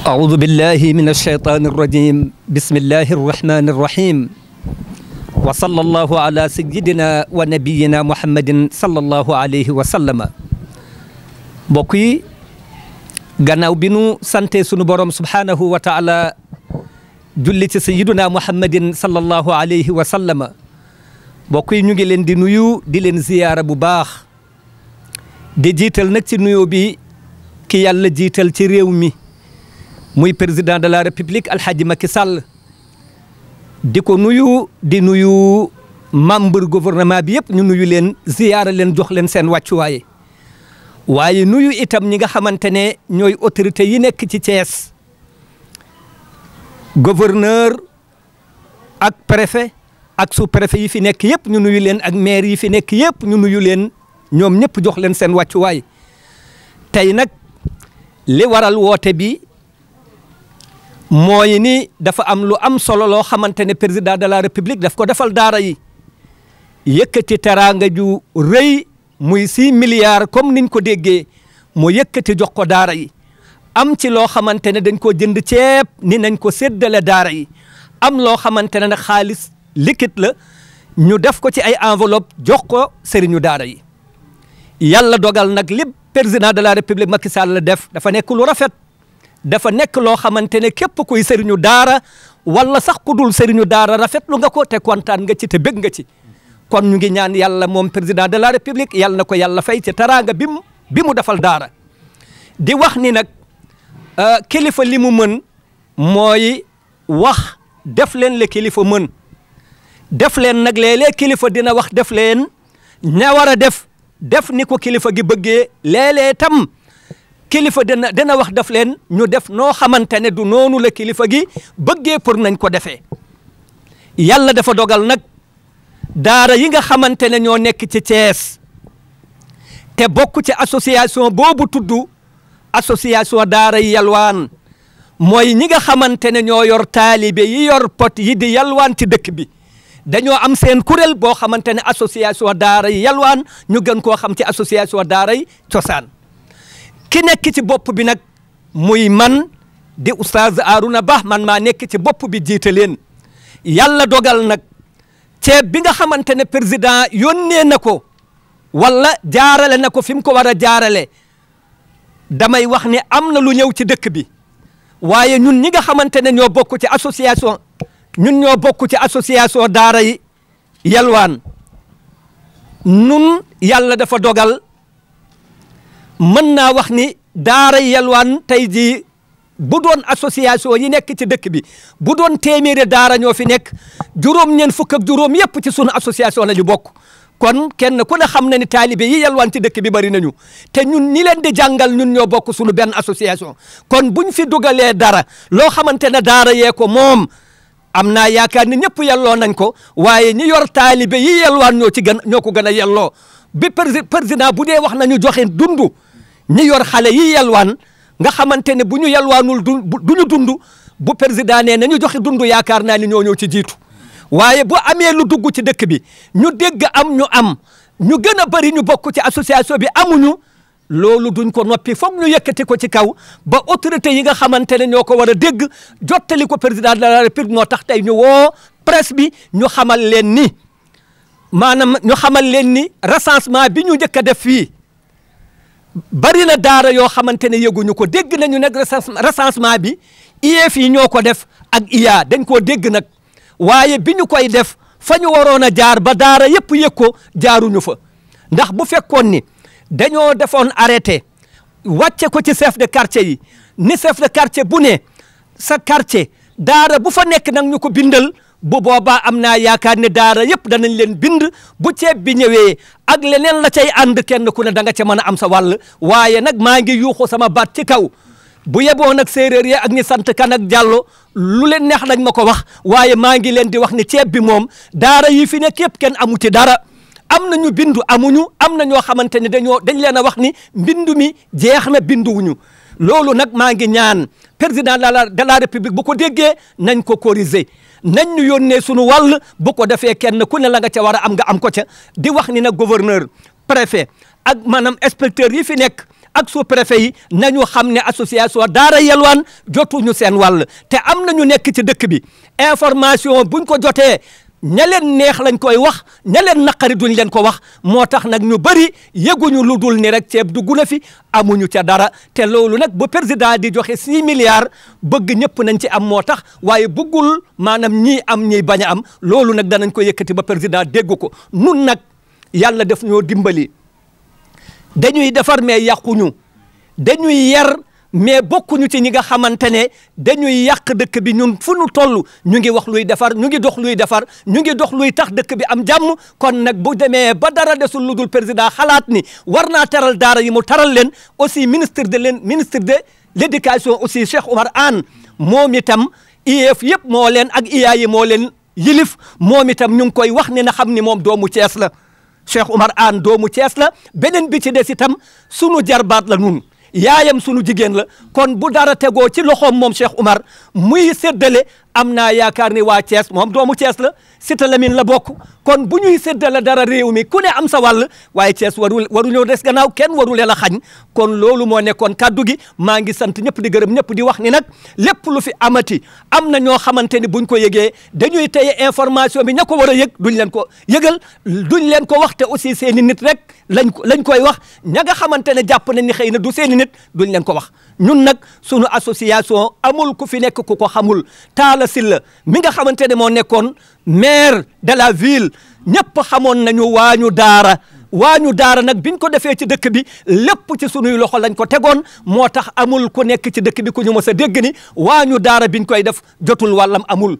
أعوذ بالله من الشيطان الرجيم بسم الله الرحمن الرحيم وصلى الله على سيدنا ونبينا محمد صلى الله عليه وسلم mbokk yi gannaaw binu nu sante sunu borom subhaanahu wa taala julli ci sayiduna muhammadin sallallahu alayhi wa sallama mbokk yi ñu ngi leen di nuyu di leen ziyaara bu baax di jiital nag ci nuyoo bi ki yàlla jiital ci réew mi muy président de la république alxaaji maki Sall di ko nuyu di nuyu membre gouvernement bi yëpp ñu nuyu leen ziyaara leen jox leen seen wàccuwaay waaye nuyu itam ñi nga xamante ne ñooy autorité yi nekk ci Thiès gouverneur ak préfet ak sous-préfet yi fi nekk yëpp ñu nuyu leen ak maire yi fi nekk yëpp ñu nuyu leen ñoom ñëpp jox leen seen wàccuwaay tey nag li waral woote bi mooy ni dafa am lu am solo loo xamante ne président de la république daf ko defal daara yi yëkkati teraanga ju rëy muy six milliar comme niñ ko déggee moo yëkkati jox ko daara yi am ci loo xamante ne dañ koo jënd ceeb ni nañ ko séddale daara yi am loo xamante ne ne xaalis liquide la ñu def ko ci ay enveloppe jox ko sëriñu daara yi yàlla dogal nag lépp président de la république Macky Sall la def dafa nekk lu rafet dafa nekk loo xamante ne képp kuy sëriñu daara wala sax ku dul sëriñu daara rafetlu nga ko te kontaan nga ci te bëgg nga ci kon ñu ngi ñaan yàlla moom président de la république yàlla na ko yàlla fay ci taraanga bi mu bi mu defal daara di wax ni nag euh, kilifa li mu mën mooy wax def leen la kilifa mën def leen nag léeg kilifa dina wax def leen ña war a def def ni ko kilifa gi bëggee léeg tam kilifa dana dana wax daf leen ñu def noo xamante ne du noonu la kilifa gi bëggee pour nañ ko defe yàlla dafa dogal nag daara yi nga xamante ne ñoo nekk ci Thiès te bokk ci association boobu tudd association daara yi yalwaan mooy ñi nga xamante ne ñoo yor taalibe yi yor pot yi di yalwaan ci dëkk bi dañoo am seen kuréel boo xamante ne association daara yi yalwaan ñu gën koo xam ci association daara yi cosaan ki nekk ci bopp bi nag muy man di oustaz Arouna Ba man maa nekk ci bopp bi jiite leen yàlla dogal nag ceeb bi nga xamante ne président yónnee na ko wala jaarale na ko fi mu ko war a jaarale damay wax ni am na lu ñëw ci dëkk bi waaye ñun ñi nga xamante ne ñoo bokk ci association ñun ñoo bokk ci association daara yi yalwaan nun yàlla dafa dogal mën naa wax ni daara yalwaan tey jii bu doon association yi nekk ci dëkk bi bu doon téeméeri daara ñoo fi nekk juróom-ñeent fukk ak juróom yëpp ci sunu association la ñu bokk kon kenn ku ne xam na ni taalibe yi yalwaan ci dëkk bi bari nañu te ñun ñi leen di jàngal ñun ñoo bokk sunu benn association kon buñ fi dugalee dara loo xamante ne daara yee ko moom am naa yaakaar ni ñëpp yelloo nañ ko waaye ñi yor taalibe yi yalwaan ñoo ci gën ñoo ko gën a yelloo bi président bu dee wax nañu joxe dundu ñu yor xale yi yalwaan nga xamante ne bu ñu yalwaanul du du ñu dund bu président nee na ñu joxe dundu yaakaar naa ni ñoo ñëw ci jiitu waaye bu amee lu dugg ci dëkk bi ñu dégg am ñu am ñu gën a bëri ñu bokk ci association bi amuñu loolu duñ ko noppi foog ñu yëkkati ko ci kaw ba autorité yi nga xamante ne ñoo ko war a dégg jottali ko président de la république moo tax tey ñu woo presse bi ñu xamal leen ni maanaam ñu xamal leen ni recensement bi ñu njëkk a def fii bari na daara yoo xamante ne yëguñu ko dégg nañu nag recensement bi IEF yi ñoo ko def ak IA dañ koo dégg nag waaye bi ñu koy def fa ñu waroon a jaar ba daara yëpp yëg ko jaaruñu fa ndax bu fekkoon ni dañoo defoon arrêté wàcce ko ci chef de quartier yi ni chef de quartier bu ne sa quartier daara bu fa nekk nag ñu ko bindal bu boobaa am naa yaakaar ne daara yëpp danañ leen bind bu ceeb bi ñëwee ak leneen la cay ànd kenn ku ne da nga ca mën a am sa wàll waaye nag maa ngi yuuxu sama baat ci kaw bu yeboo nag séeréer yi ak ñi sant kan jàllo lu leen neex nañ ma ko wax waaye maa ngi leen di wax ni ceeb bi moom daara yi fi nekk yëpp kenn amu ci dara am na ñu bindu amuñu am na ñoo xamante ne dañoo dañ leen a wax ni mbindu mi jeex na binduwuñu loolu nag maa ngi ñaan président de la de bu ko déggee nañ ko corriger nañ ñu yónnee sunu wàll bu ko defee kenn ku ne la nga ca war a am nga am ko ca di wax ni na gouverneur préfet ak maanaam inspecteur yi fi nekk ak sous préfet yi nañu xam ne association daara yelwaan jotuñu seen wàll te am na nañu nekk ci dëkk bi information buñ ko jotee ña leen neex lañ koy wax ñaleen leen naqari duñ leen ko wax moo tax nag ñu bëri yëguñu lu dul ni rek ceeb dugg na fi amuñu ca dara te loolu nag ba président di joxe six milliards bëgg ñëpp nañ ci am moo tax waaye bëggul maanaam ñii am ñiy bañ a am loolu nag danañ ko yëkkati ba président dégg ko nun nag yàlla def ñoo dimbali dañuy defar mais yàquñu dañuy yar mais bokkuñu ci ñi nga xamante ne dañuy yàq dëkk bi ñun fu nu toll ñu ngi wax luy defar ñu ngi dox luy defar ñu ngi dox luy tax dëkk bi am jàmm kon nag bu demee ba dara desul lu dul président xalaat ni war naa teral daara yi mu taral leen aussi ministre de leen ministre de l' éducation aussi Cheikh Oumar Anne moom itam IEF yëpp moo leen ak IA yi moo leen yilif moom itam ñu ngi koy wax ne na xam ni moom doomu Cees la Cheikh Oumar ann doomu Cees la beneen bi ci des itam sunu jarbaat la nun yaayam sunu jigéen la kon bu dara tegoo ci loxoom moom Cheikh Oumar muy séddale am naa yaakaar ni waa Thiès moom doomu cees la Cité Lamine la bokk kon bu ñuy séddale dara réew mi ku ne am sa wàll waaye Thiès waru waruñoo des gannaaw kenn waru leen a xañ kon loolu moo nekkoon kaddu gi maa ngi sant ñëpp di gërëm ñëpp di wax ni nag lépp lu fi amati am na ñoo xamante bu buñ ko yëgee dañuy teye information bi ña ko war a yëg duñ leen ko yëgal duñ leen ko wax te aussi seen i nit rek lañ lañ koy wax ña nga xamante ne jàpp nañ ni xëy na du seen i nit duñ leen ko wax ñun nag sunu association amul ku fi nekk ku ko xamul taala Sylla mi nga xamante ne moo nekkoon mair de la ville ñëpp xamoon nañu waañu daara waañu daara nag biñ ko defee ci dëkk bi lépp ci sunuy loxo lañ ko tegoon moo tax amul ku nekk ci dëkk bi ku ñu mës a dégg ni waañu daara biñ koy def jotul wàllam amul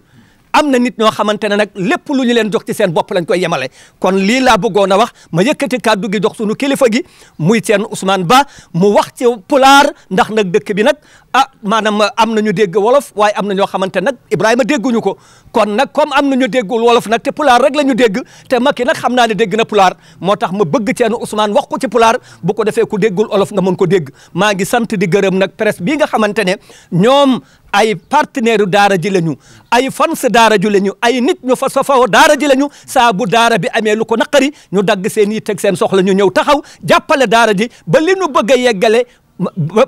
am na nit ñoo xamante ne nag lépp lu ñu leen jox ci seen bopp lañ koy yemale kon lii laa bëggoon a wax ma yëkkati kàddu gi jox sunu kilifa gi muy seen Ousmane Ba mu wax ci pulaar ndax nag dëkk bi nag ah maanaam am na ñu dégg wolof waaye am na ñoo xamante nag Ibrahima dégguñu ko kon nag comme am na ñu déggul wolof nag te pulaar rek la ñu dégg te Macky nag xam naa ne dégg na pulaar moo tax ma bëgg seen usmaan wax ko ci pulaar bu ko defee ku déggul olof nga mën ko dégg maa ngi sant di gërëm nag presse bii nga xamante ne ñoom ay partenaire daara ji lañu ay fans daara ju lañu ay nit ñu fa safoo daara ji lañu saabu bu daara bi amee lu ko naqari ñu dagg seen yi teg seen soxla ñu ñëw taxaw jàppale daara ji ba li bëgg a yeggale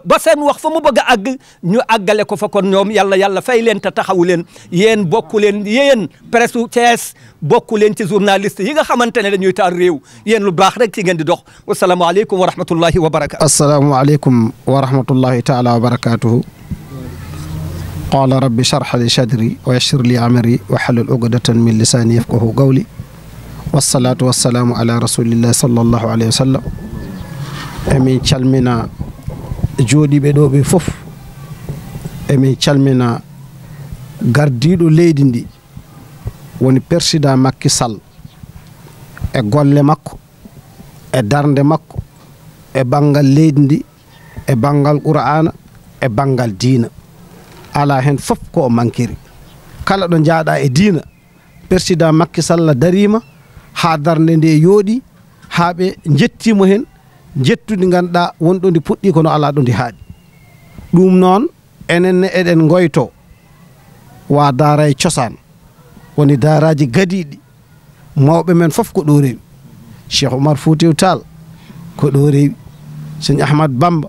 ba seen wax fa mu bëgg a àgg ñu àggale ko fa kon ñoom yàlla yàlla fay leen te taxawu leen yéen bokku leen yéen presse Thiès bokku leen ci journaliste yi nga xamante ne dañuy taal réew yéen lu baax rek ci ngeen di dox wasalaamaaleykum wa rahmatullahi wa barakaatu. asalaamaaleykum wa rahmatullahi taala wa barakaatuhu. qaala rabbi sharx li sadri wa yassir li amri wa xalul min lisaani yafqahu qawli wassalaatu wassalaamu ala rasulillahi sallallahu alayhi wa emin calmina jooɗiɓe ɗo fof emin calmina gardiɗo leydi ndi woni président makki sall e golle makko e darde makko e banggal leydi ndi e banggal qur'ana e banggal diina ala hen fof ko o mankiri kala ɗo jaaɗa e diina président makky sallah darima ha nde yooɗi ha ɓe jettimo hen jettude ganduɗa wonɗo ndi puɗɗi kono ala ɗo ndi haaɗi ɗum noon enenne eɗen goyto wa daara e woni daaraji gadiɗi mawɓe men fof ko ɗo rewi cheikh oumar foutiw ko ɗo rewi seigne bamba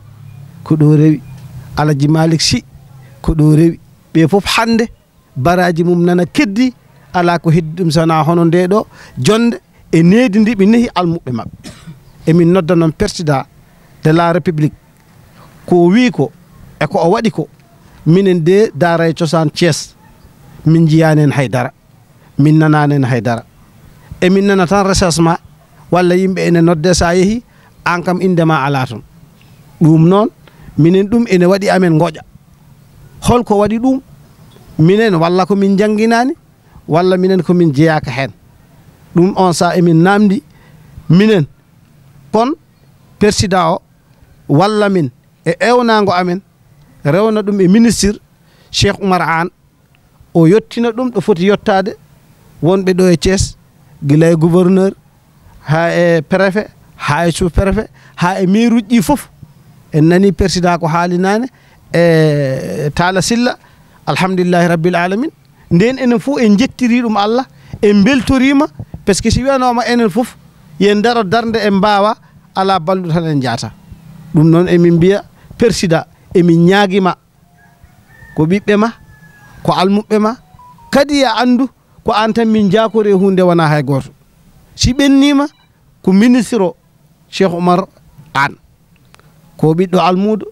ko ɗo rewi malik sy ko ɗo rewi ɓe fof hannde baraji mum nana keddi ala ko heddi ɗum sana hono nde ɗo jonde e needi ndi ɓe nehi almuɓe maɓɓe emin nodda noon président de la république ko wi ko e ko o waɗi ko minen de daara e cosan thies min jiyani hen haydara min nanani hen haydara emin nana tan recensement walla yimɓe ene nodde sa yeehi an kam indema ala toon ɗum noon minen ɗum ene waɗi amen gooƴa holko waɗi ɗum minen walla ko min jangginani walla minen komin jeeyaka hen ɗum on saa emin namdi minen kon président o walla min e ewnago amen rewna ɗum e ministre cheikh oumar an o yettina ɗum ɗo foti yettade wonɓe ɗo e thies guila e gouverneur ha e préfet ha e sous préfet ha e maire uji ɗi foof nani président ko haalinani e taala silla alhamdulillahi rabbil alamin nden enen fof en jettiri ɗum allah en beltorima par ce que si wiyanoma enen fof yen daro darde en mbawa ala balɗo en jaata ɗum noon emin mbiya persida emin ñaaguima ko ɓiɓɓe ma ko almuɓɓe ma kadi ya andu ko an tan min jakori e hunde wona hay goto si ɓennima ko ministre o cheikh oumar ko ɓiɗɗo almudo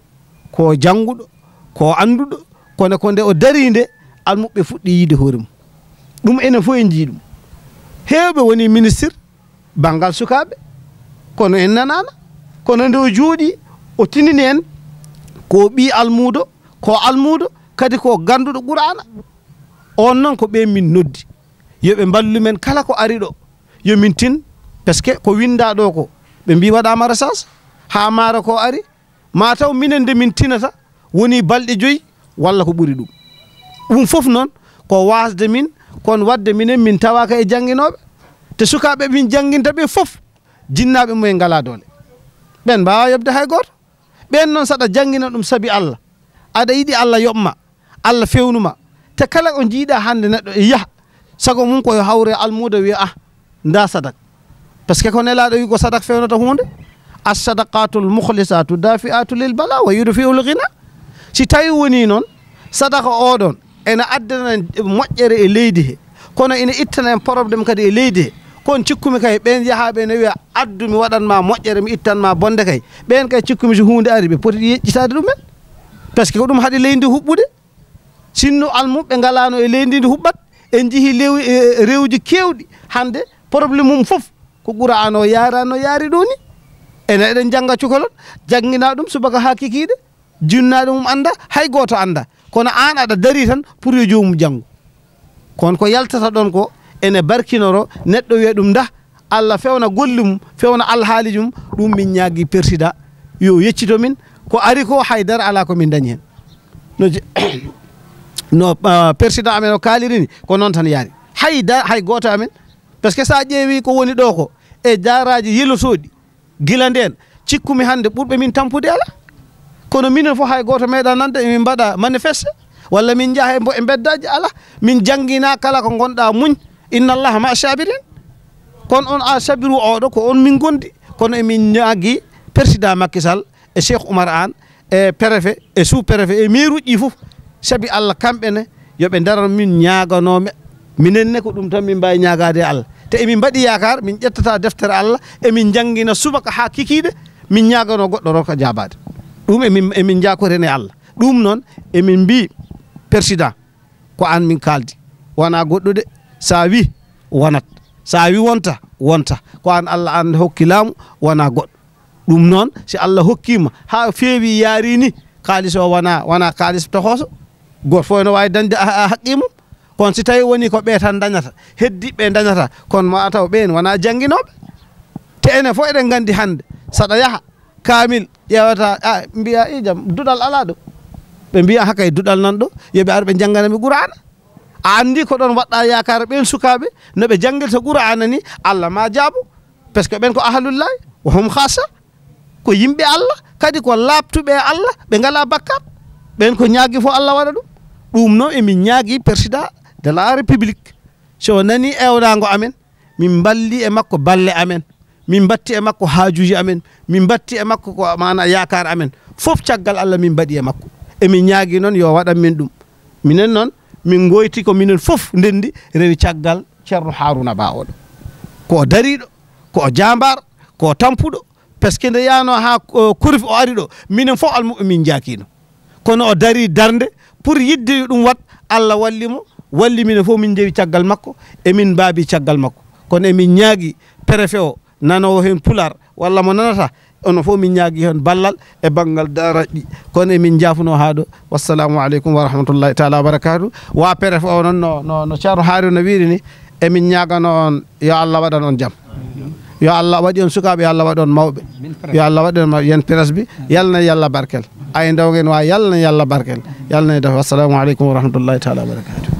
ko jannguɗo ko annduɗo kono ko nde o dari nde almuɓe fuɗɗi yiide hoore mum ɗum enen fof en jii ɗum heewɓe woni ministre banngal sukaaɓe kono en nanaana kono nde o juuɗi o tinini en ko ɓi almuudo ko almuudo kadi ko ganduɗo ɓurana on noon ko ɓen min noddi yoɓe mballumen kala ko ari ɗo yomin tin par ko winda ɗo ko ɓe mbi waɗama rasas ha maaro ko ari mataw minen nde min tinata woni balɗe joyyi walla ko ɓuri ɗum ɗum fof noon ko wasde min kono wadde minen min tawaka e jangguinoɓe te sukaɓe min jangguinta ɓe fof jinnaɓe mumen ngala doole ɓen mbawa yobde hay goto ɓen noon saɗa jangguina ɗum saabi allah aɗa yiiɗi allah yoɓma allah fewnuma te kala ko jiiɗa hande neɗɗo e yaaha sago mum koye hawre almuda wiya ah nda sadak par ko nelaɗo wi ko sadak fewnoto assadaqatul mukhlisatu dafi'atu lil bala wa yudfi'ul si tawi woni noon sadaka oɗon ene addana en moƴƴere e leydi he kono ene ittana en probléme kadi e leydi he kon cikkumi kay ɓen yahaɓe ne wiya addu mi waɗanma moƴƴere mi ittanma bonde kay ɓen kay cikkumi so hunde ari ɓe poti yeƴƴitade ɗumen par ce ko ɗum haaɗi leydi huɓɓude sinno almum ɓe e leydi ndi huɓɓat en jeehi lew e, e, rewji kewɗi hande probléme ko ɓuura an ene eɗen jannga cukalon janngina ɗum subaka haa kikiiɗe jinnaɗo mum annda hay gooto annda kono aan aɗa dari tan pour joomum janngu kono ko yaltata ɗon ko ene barkinoro neɗɗo wiya ɗum nda allah fewna golli mum fewna alhaaliji mum ɗum min ñaagui persida yo yeccito min ko ari ko haydara ala komin dañi hen no no amen o kaaliri ni ko noon tan yaari hay gooto amen par ce ƴeewi ko woni ɗo ko e jaaraji yelotoɗi gila nden cikkumi hannde ɓurɓe min tampude ala kono minen fof hay gooto meeɗa nande emin mbaɗa manifeste walla min jaha e, e beddaji ala min janggina kala ko gonɗa muñ inna allaha ma sabirin kono on a sabiru oɗo ko on min gondi kono emin ñaagui président makkisal e cheikh oumar an e préfet e sous préfet e maire uji ɗi foof saabi allah kamɓene yooɓe daran min ñaganoɓe minenne ko ɗum tan min mbawi ñagade e allah te emin mbaɗi yakar min ƴettata deftere allah emin jangguina subaka ha kikiɗe min ñagano goɗɗo roka jabade ɗum emin emin jakorene allah ɗum noon emin mbi président ko an min kaldi wona goɗɗo ɗum noon si allah hokkima ha feewi yaari ni kalis o wona wona kalis tohoso goto fof ene wawi dañde haqqimum kono si tawi woni ko ɓe tan dañata heddiɓe dañata kono ma taw ɓen wona jangguinoɓe te fof eɗen gandi hande saɗa yaaha kamil ƴewata a mbiya duɗal ala ɗo ɓe mbiya haka e duɗal nan ɗo yooɓe ar ɓe jangganami qur'ana a andi ko ɗon waɗɗa yakara ɓen sukaɓe noɓe jangguirta qur'ana ni allah ma jaabo par ce ko ahalullahi wo hom ko yimɓe allah kadi ko labtuɓe allah ɓe ngala bakkat ɓen ko ñaagui fof allah waɗa ɗum ɗum noon emin ñaagui président de la so nani ewnago amen min balli e makko balle amen min batti e makko haajuji amen min batti e makko ko mana yakar amen fof caggal allah min mbaɗi e makko emin ñaagui noon yo waɗan min ɗum minen noon min goyti ko minen fof ndendi rewi caggal ceerno haruna ba oɗo ko dariɗo ko jambar ko tampuɗo par nde yano ha korif eh, o ari ɗo minen fof almuɓe min jakino kono o dari darde pour yidde ɗum wat allah wallimo walli mine fof min jewi caggal makko emin mbaabi caggal makko kono emin ñaagi préfet o nanowo heen pular walla mo nanata ono fof min ñaagi heen ballal e banngal daraji kono emin jaafuno haa ɗo wassalamu aleykum wa rahmatullahi taala wa barakatu wa préfet o noon no no no ceerno haari no wiiri ni emin ñaagano on yo allah waɗan on jam yo allah waɗi on sukaaɓe yo allah waɗi on mawɓe yo allah waɗi on mawɓe yen presse bi yalna e yallah barkel ayi dawgen wawi yalna e yallah barkel wa rahmatullahi taala wa